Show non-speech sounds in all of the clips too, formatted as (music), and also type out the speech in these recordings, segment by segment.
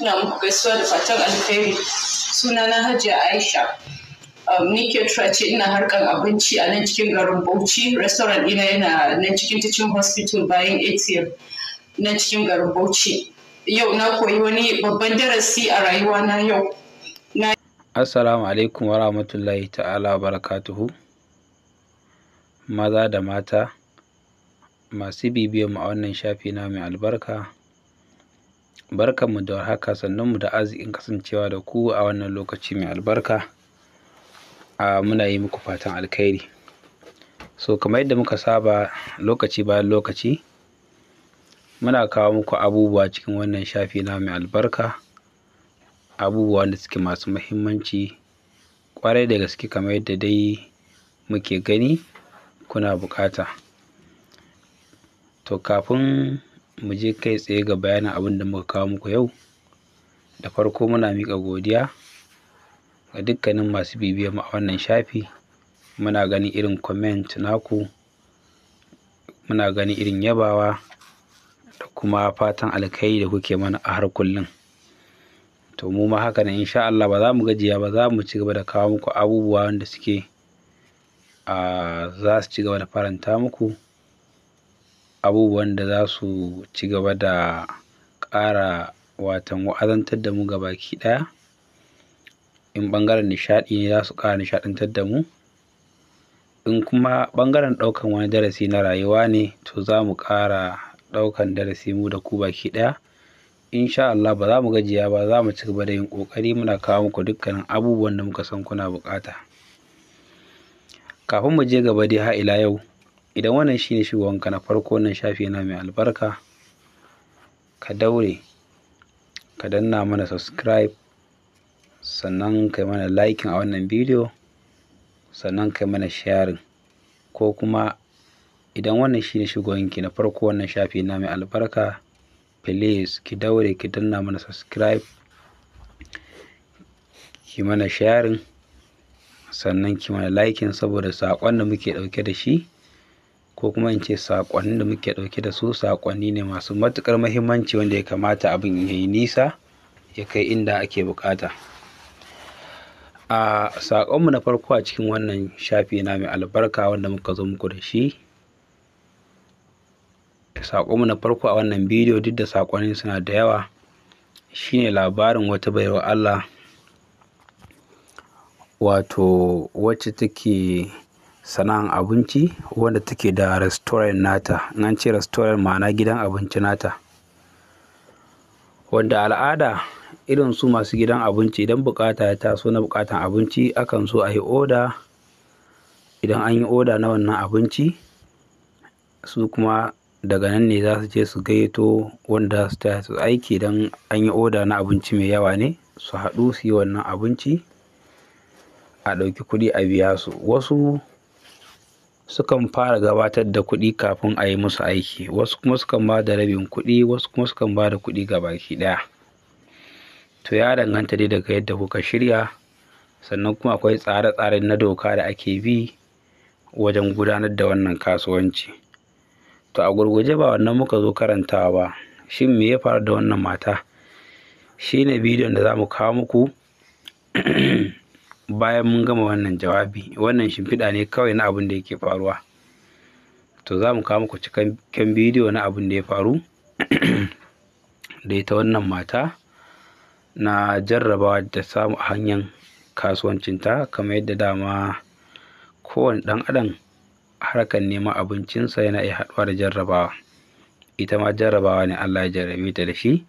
Ina muku gaisuwa da fatan alheri. Sunana Hajiya Aisha. Um, ni tura ce ina harkar abinci a nan cikin garin Bauchi. Restaurant ɗina yana nan cikin Teaching Hospital bayan ATM nan cikin garin Bauchi. Yau na koyi wani babban darasi a rayuwa na yau. Assalamu alaikum wa rahmatullahi ta'ala barakatuhu. Maza da mata masu bibiyan mu a wannan shafi na mai albarka. mu da warhaka mu da arzikin kasancewa da ku a wannan lokaci mai albarka. A muna yi muku fatan alkhairi. So kamar yadda muka saba lokaci bayan lokaci muna kawo muku abubuwa cikin wannan shafi na mai albarka. abubuwa da suke masu mahimmanci Kwarai da gaske kamar yadda dai muke gani kuna bukata. To kafin mu je kai tsaye ga bayanin abin da muka kawo muku yau da farko muna miƙa godiya ga dukkanin masu bibiya mu a wannan shafi muna ganin irin comment naku muna ganin irin yabawa da kuma fatan alkai da kuke mana a har kullum to mu ma haka nan insha Allah ba za mu gajiya ba za mu ci gaba da kawo muku abubuwa wanda suke a ah, za su ci gaba da faranta muku abubuwan da za su ci gaba da ƙara watan wa'azantar da mu gabaki ɗaya. In ɓangaren nishaɗi ne za su ƙara nishaɗantar da mu. In kuma ɓangaren ɗaukan wani darasi na rayuwa ne to za mu ƙara ɗaukan darasi mu da ku baki ɗaya. In sha Allah ba za mu gajiya ba za mu ci gaba da yin ƙoƙari muna kawo muku dukkanin abubuwan da muka san kuna buƙata. Kafin mu je gaba dai har ila yau idan wannan shi ne shigowanka na farko wannan shafi yana mai albarka ka daure ka danna mana subscribe sannan yi mana likin a wannan bidiyo sannan yi mana sharing ko kuma idan wannan shi ne shigowanki na farko wannan shafi yana mai albarka please ki daure ki danna mana subscribe ki mana sharing sannan ki mana likin saboda saƙon da muke ɗauke da shi ko kuma in ce saƙonnin da muke ɗauke da su saƙonni ne masu matuƙar mahimmanci wanda ya kamata abin ya yi nisa ya kai inda ake bukata a saƙonmu na farko a cikin wannan shafi na mai albarka wanda muka zo muku da shi saƙonmu na farko a wannan bidiyo duk da saƙonin suna da yawa shine labarin wata baiwa Allah wato wacce take sana'an abinci wanda take da restaurant nata. In ce restaurant ma'ana gidan abinci nata. Wanda al'ada irin su masu gidan abinci idan bukata ya taso na bukatan abinci akan so a yi oda. Idan an yi oda na wannan abinci su kuma daga nan ne za su je su gaito wanda su ta su aiki idan an yi oda na abinci mai yawa ne su haɗu su yi wannan abinci a ɗauki kuɗi a biya su. Wasu sukan fara gabatar da kuɗi kafin a yi musu aiki wasu kuma sukan ba da rabin kuɗi wasu kuma sukan ba da kuɗi ga baki ɗaya to ya danganta dai daga yadda kuka shirya sannan kuma akwai tsare-tsare na doka da ake bi wajen gudanar da wannan kasuwanci to a gurguje ba wannan muka zo karantawa ba shin me ya faru da wannan mata shine bidiyon da za mu kawo muku (clears throat) bayan mun gama wannan jawabi wannan shimfiɗa ne kawai na abin da yake faruwa to za mu kawo muku cikakken bidiyo na abin da ya faru (clears throat) da ita wannan mata na jarrabawa da samu a hanyar kasuwancinta kamar yadda dama kowane ɗan adam harkar neman abincinsa yana iya haɗuwa da jarrabawa ita ma jarrabawa ne allah ya jarrabe ta da shi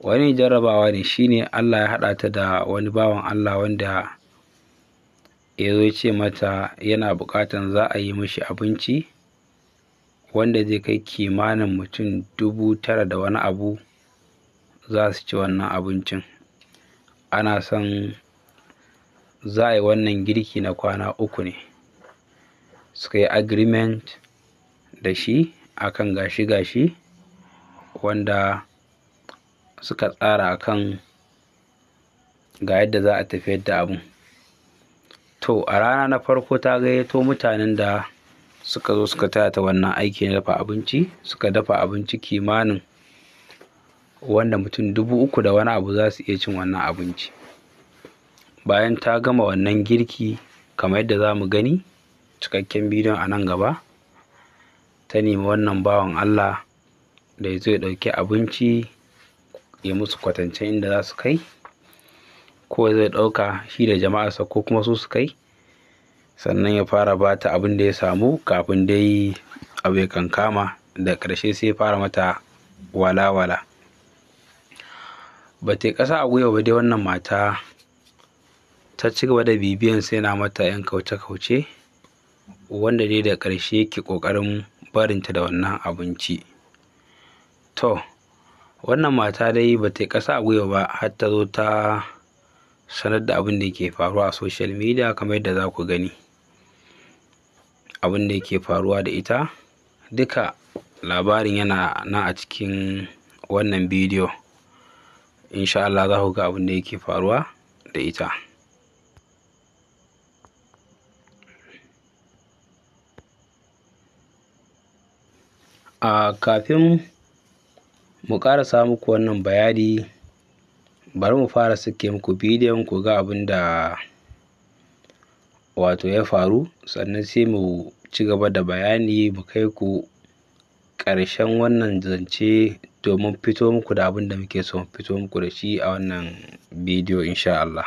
wani jarrabawa ne shine allah ya haɗa ta da wani bawan allah wanda ya zo ce mata yana buƙatan za a yi mashi abinci wanda zai kai kimanin mutum dubu tara da wani abu za su ci wannan abincin ana son za a yi wannan girki na kwana uku ne suka yi agreement da shi akan gashi-gashi wanda suka tsara akan ga yadda za a tafiyar da abun to a rana na farko ta gayyato mutanen da suka zo suka taya ta wannan aiki na dafa abinci suka dafa abinci kimanin wanda mutum dubu uku da wani abu za su iya cin wannan abinci bayan ta gama wannan girki kamar yadda za mu gani cikakken bidiyon a nan gaba ta nemi wannan bawan allah da ya zo ya ɗauki abinci ya musu kwatance inda za su kai ko zai ɗauka shi da jama'arsa ko kuma su su kai sannan ya fara bata abin da ya samu kafin dai abu ya kankama da ƙarshe sai ya fara mata walawala ba ta ƙasa a gwiwa ba dai wannan mata ta ci gaba da bibiyan sai na mata 'yan kauce-kauce wanda dai da ƙarshe ke ƙoƙarin barinta da wannan abinci to wannan mata dai ba ta ƙasa a gwiwa ba har ta zo ta sanar da abin da yake faruwa a social media kamar yadda za ku gani abin da yake faruwa da ita duka labarin yana na a cikin wannan bidiyo insha Allah za ku ga abin da yake faruwa da ita a kafin mu ƙarasa muku wannan bayani bari mu fara sake muku bidiyon ku ga abin da wato ya faru sannan sai mu ci gaba da bayani mu kai ku ƙarshen wannan zance domin fito muku da abin da muke so mu fito muku da shi a wannan bidiyo insha Allah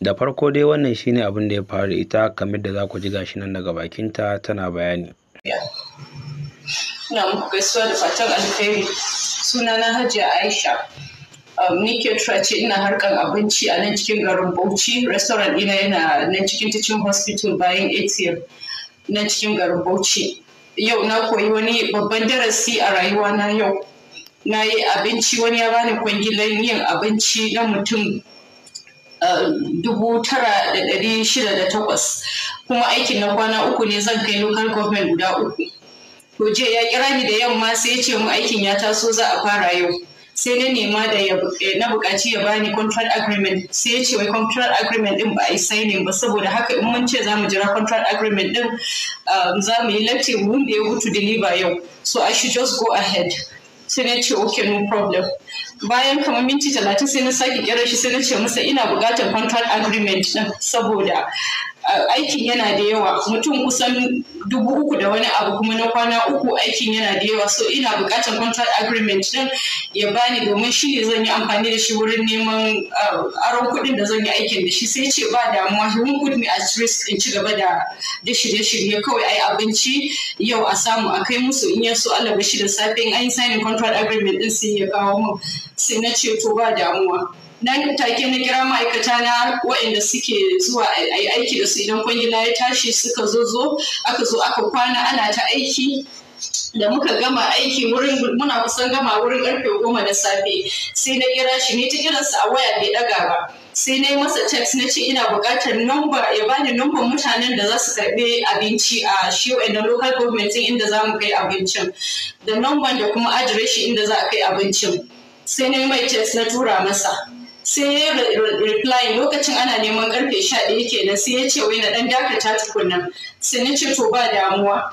da farko dai wannan shine abin da ya faru ita kamar da za ku ji gashi nan daga bakinta tana bayani ina muku gaisuwa da fatan alheri sunana Hajiya Aisha. Um, Nike ce ina harkar abinci a nan cikin garin Bauchi, restaurant ina yana nan cikin Tichin hospital bayan ATM nan cikin garin Bauchi. Yau na koyi wani babban darasi a rayuwa na yau. Na yi abinci wani ya bani kwangilan yin abinci na mutum uh, dubu tara da ɗari shida da takwas kuma aikin na kwana uku ne zan kai local government guda uku. To jiya ya kira ni da yamma sai ya ce mu aikin ya taso za a fara yau. Sai na nema da eh, na buƙaci ya bani contract agreement sai ya ce wai contract agreement din ba a yi signing ba saboda haka in mun ce za mu jira contract agreement din um, za mu yi latti mun da ya hutu deliver yau. So I should just go ahead. Sai na ce okay no problem. Bayan kamar minti talatin sai na sake kira shi sai na ce masa ina bukatar contract agreement din saboda aikin yana da yawa mutum kusan dubu uku da wani abu kuma na kwana uku aikin yana da yawa so ina buƙatar contract agreement din ya bani domin shi ne zan yi amfani da shi wurin neman ah, aron kuɗin da zan yi aikin da shi sai ce ba damuwa he won't put me at risk in ci gaba da da shirye-shirye kawai ai abinci yau a samu a kai musu in ya so Allah shi da safe in an yi signing contract agreement din sai ya kawo mun sai na ce to ba damuwa nan take na kira ma'aikata na waɗanda suke zuwa aiki da su idan kwangila ya tashi suka zo zo aka zo aka kwana ana ta aiki da muka gama aiki wurin muna kusan gama wurin karfe goma na safe sai na kira shi ne ta su a waya bai daga ba sai na yi masa text na ce ina buƙatar nomba ya bani nomba mutanen da za su karɓi abinci a shi na local government inda za kai abincin da numban da kuma adireshi inda za a kai abincin sai na yi mai text na tura masa sai ya reply lokacin ana neman karfe sha ɗaya kenan sai ya ce wai na ɗan dakata tukunan sai na ce to ba damuwa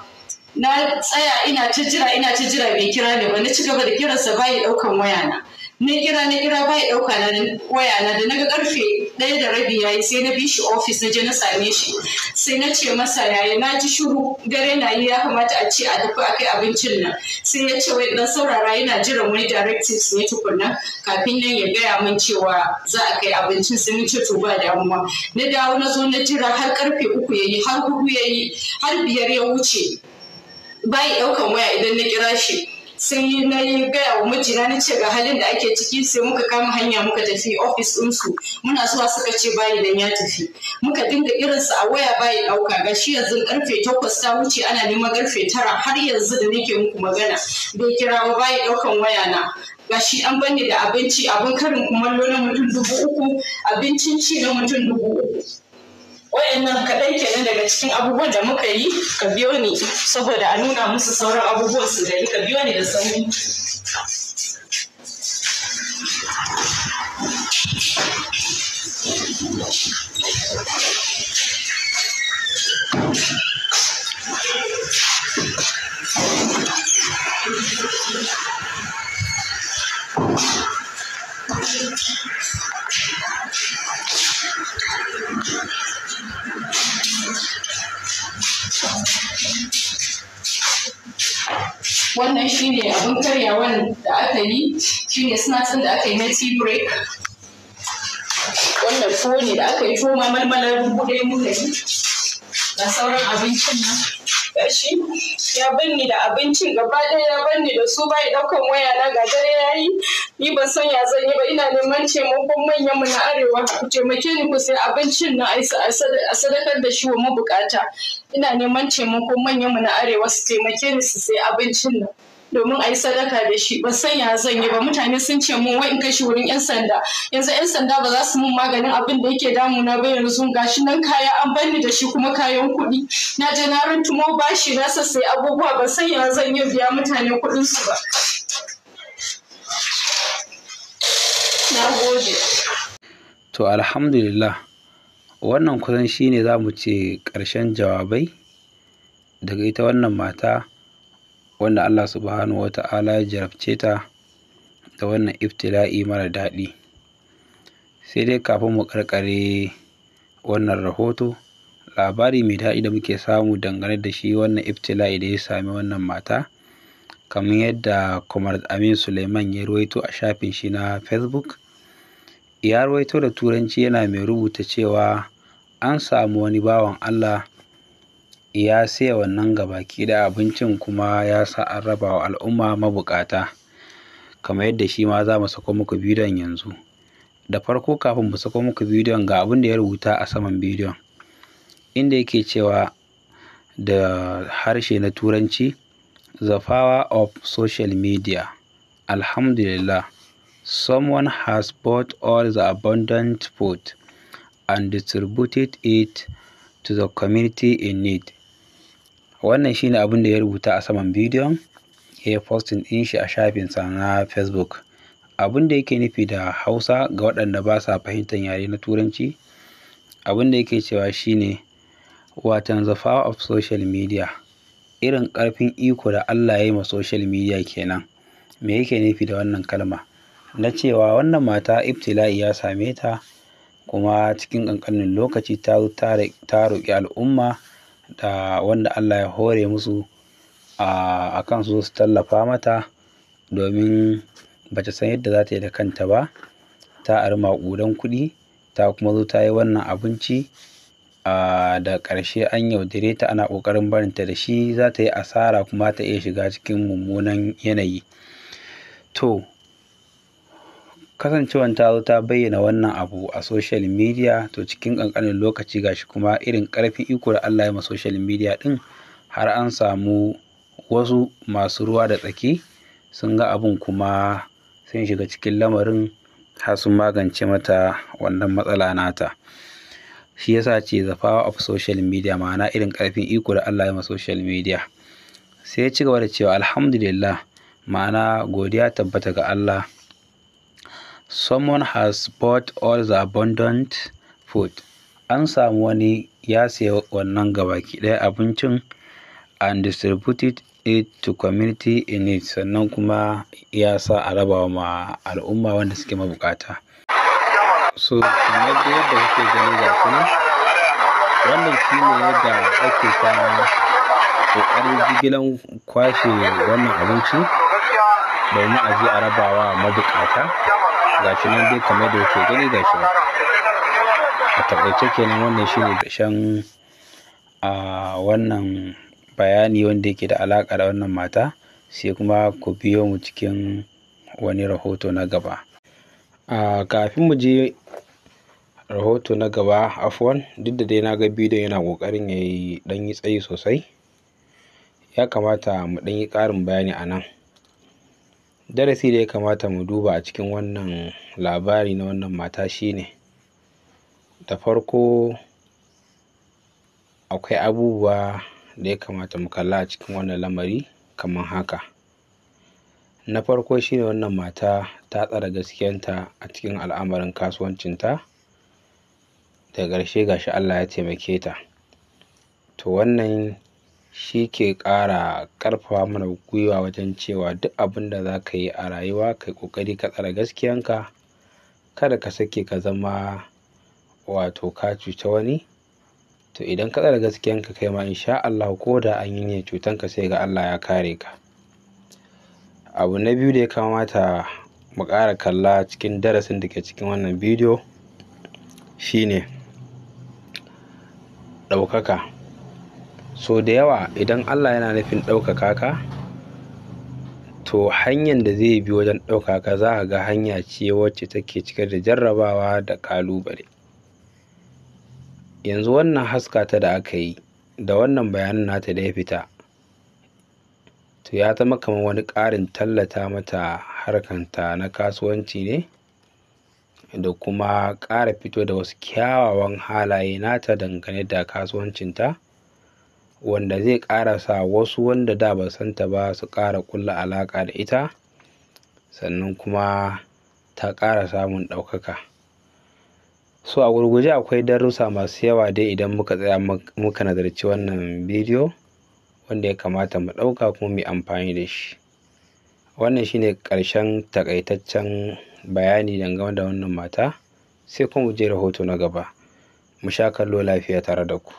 na tsaya ina ta jira ina ta jira bai kira ni ba na ci gaba da kiransa bai ɗaukan waya na na kira na kira bai ɗauka na waya na da naga karfe ɗaya da rabi ya yi sai na bi shi ofis na je na same shi sai na ce masa yaya na ji shuru dare na yi ya kamata a ce a dafa a kai abincin nan sai ya ce wai dan saurara yana jiran wani directives ne tukunna kafin nan ya gaya min cewa za a kai abincin sai mun ce to ba damuwa na dawo na zo na jira har karfe uku ya yi har hudu ya yi har biyar ya wuce bayi ɗaukan waya idan na kira shi sai na yi gaya wa mijina na ce ga halin da ake ciki sai muka kama hanya muka tafi ofis ɗinsu muna zuwa suka ce bayi dan ya tafi muka dinga sa a waya bayi ɗauka ga shi yanzu karfe takwas ta wuce ana neman karfe tara har yanzu da nake muku magana bai kira ba bayi ɗaukan waya na ga shi an bani da abinci abin karin kumallo na mutum dubu uku abincin ci na mutum dubu uku wayannan kaɗan kenan daga cikin abubuwan da muka yi ka biyo ni saboda a nuna musu sauran abubuwan su gari ka biyo ni da sauri yi shine snacks ɗin da aka yi na tea break wannan tuwo ne da aka yi tuwo ma malmalar dubu ɗaya muka yi da sauran abincin nan gashi ya banni da abincin gaba ɗaya ya banni da su bai ɗaukan waya na ga dare yayi ni ban san ya zan yi ba ina neman taimakon manyan mu na arewa ku taimake ni ku sai abincin nan a sadakar da shi wa mabukata ina neman taimakon manyan mu na arewa su taimake ni su sai abincin nan domin a yi sadaka da shi ba sanya zan yi ba mutane sun ce mun wai in kai shi wurin yan sanda yanzu yan sanda ba za su mun maganin abin da yake damuna ba yanzu gashi nan kaya an banni da shi kuma kayan kuɗi na je na runtumo bashi na sassai abubuwa ba sanya zan yi biya mutane kuɗin su ba na gode to alhamdulillah wannan kusan shine za mu ce ƙarshen jawabai daga ita wannan mata wanda Allah subhanahu wata'ala ya jarabce ta da wannan iftila'i mara daɗi sai dai kafin mu ƙarƙare wannan rahoto labari mai daɗi da muke samu dangane da shi wannan iftila'i da ya sami wannan mata kamar yadda kumar Amin Suleiman ya ruwaito a shafin shi na Facebook ya ruwaito da turanci yana mai rubuta cewa an samu wani bawan Allah ya siya wannan gabaki da abincin kuma ya sa an raba wa al'umma mabukata kamar yadda shi ma za mu sako muku bidiyon yanzu da farko kafin mu sako muku bidiyon ga abin da ya rubuta a saman bidiyon inda yake cewa da harshe na turanci the power of social media alhamdulillah someone has bought all the abundant food and distributed it to the community in need wannan shine abin da ya rubuta a saman bidiyon ya yi postin ɗin shi a shafin shafinsa na facebook abin da yake nufi da hausa ga waɗanda ba sa fahimtar yare na turanci abin da yake cewa shine watan the power of social media irin ƙarfin iko da allah ya yi ma social media kenan me yake nufi da wannan kalma na cewa wannan mata ibtila'i ya same ta kuma cikin ƙanƙanin lokaci ta ta roƙi al'umma da wanda Allah ya hore musu a kan su su tallafa mata domin ba ta san yadda za ta yi da kanta ba ta ari maƙudan kuɗi ta kuma zo ta yi wannan abinci da ƙarshe an yaudare ta ana ƙoƙarin barinta da shi za ta yi asara kuma ta iya shiga cikin mummunan yanayi to kasancewan ta zo ta bayyana wannan abu a social media to cikin ƙanƙanin lokaci gashi kuma irin ƙarfin iko da Allah ya ma social media ɗin har an samu wasu masu ruwa da tsaki sun ga abun kuma sun shiga cikin lamarin har sun magance mata wannan matsala nata shi yasa ce the power of social media ma'ana irin karfin iko da Allah ya ma social media sai ya ci gaba da cewa alhamdulillah ma'ana godiya tabbata ga Allah Someone has bought all the abundant food. An samu wani ya sayi wannan gabaki ɗaya abincin and distributed it to community in need sannan kuma ya sa a raba ma al'umma wanda suke mabuƙata. So kamar da yadda kuke gani da su wannan shi ne yadda ake ta ƙoƙarin jigilan kwashe wannan abinci domin a je a raba wa mabuƙata. gashi nan dai kamar da kuke gani gashi nan a taƙaice kenan wannan ne ƙarshen a wannan bayani wanda yake da alaƙa da wannan mata sai kuma ku biyo mu cikin wani rahoto na gaba a kafin mu je rahoto na gaba afwan duk da dai na ga bidiyon yana ƙoƙarin ya yi ɗan yi tsayi sosai ya kamata mu ɗan yi ƙarin bayani a nan darasi da ya kamata mu duba a cikin wannan labari na wannan mata shine da farko akwai abubuwa da ya kamata mu kalla a cikin wannan lamari kamar haka na farko shine wannan mata ta tsara gaskiyanta a cikin al'amarin kasuwancinta da ƙarshe gashi Allah ya taimake ta to wannan shi ke ƙara ƙarfafa mana gwiwa wajen cewa duk abin da za ka yi a rayuwa kai ƙoƙari ka tsare gaskiyanka kada ka sake ka zama wato ka cuci wani to idan ka tsare gaskiyanka kai ma insha Allah ko da an yi ne cutanka sai ga Allah ya kare ka abu na biyu da ya kamata mu ƙara kalla cikin darasin da ke cikin wannan bidiyo shine ɗaukaka so da yawa idan allah yana nufin ɗaukaka ka to hanyar da zai bi wajen ɗaukaka za a ga hanya ce wacce take cike da jarrabawa da ƙalubale yanzu wannan haska ta da aka yi da wannan bayanin nata da ya fita to ya zama kamar wani ƙarin tallata mata harkanta na kasuwanci ne da kuma ƙara fito da wasu kyawawan halaye nata dangane da kasuwancinta wanda zai ƙara sa wasu wanda da ba san ba su ƙara ƙulla alaƙa da ita sannan kuma ta ƙara samun ɗaukaka so a gurguje akwai darussa masu yawa dai idan muka tsaya muka nazarci wannan bidiyo wanda ya kamata mu ɗauka kuma mu amfani da shi wannan shine ƙarshen takaitaccen bayani dangane da wannan mata sai kuma mu je rahoto na gaba mu sha kallo lafiya tare da ku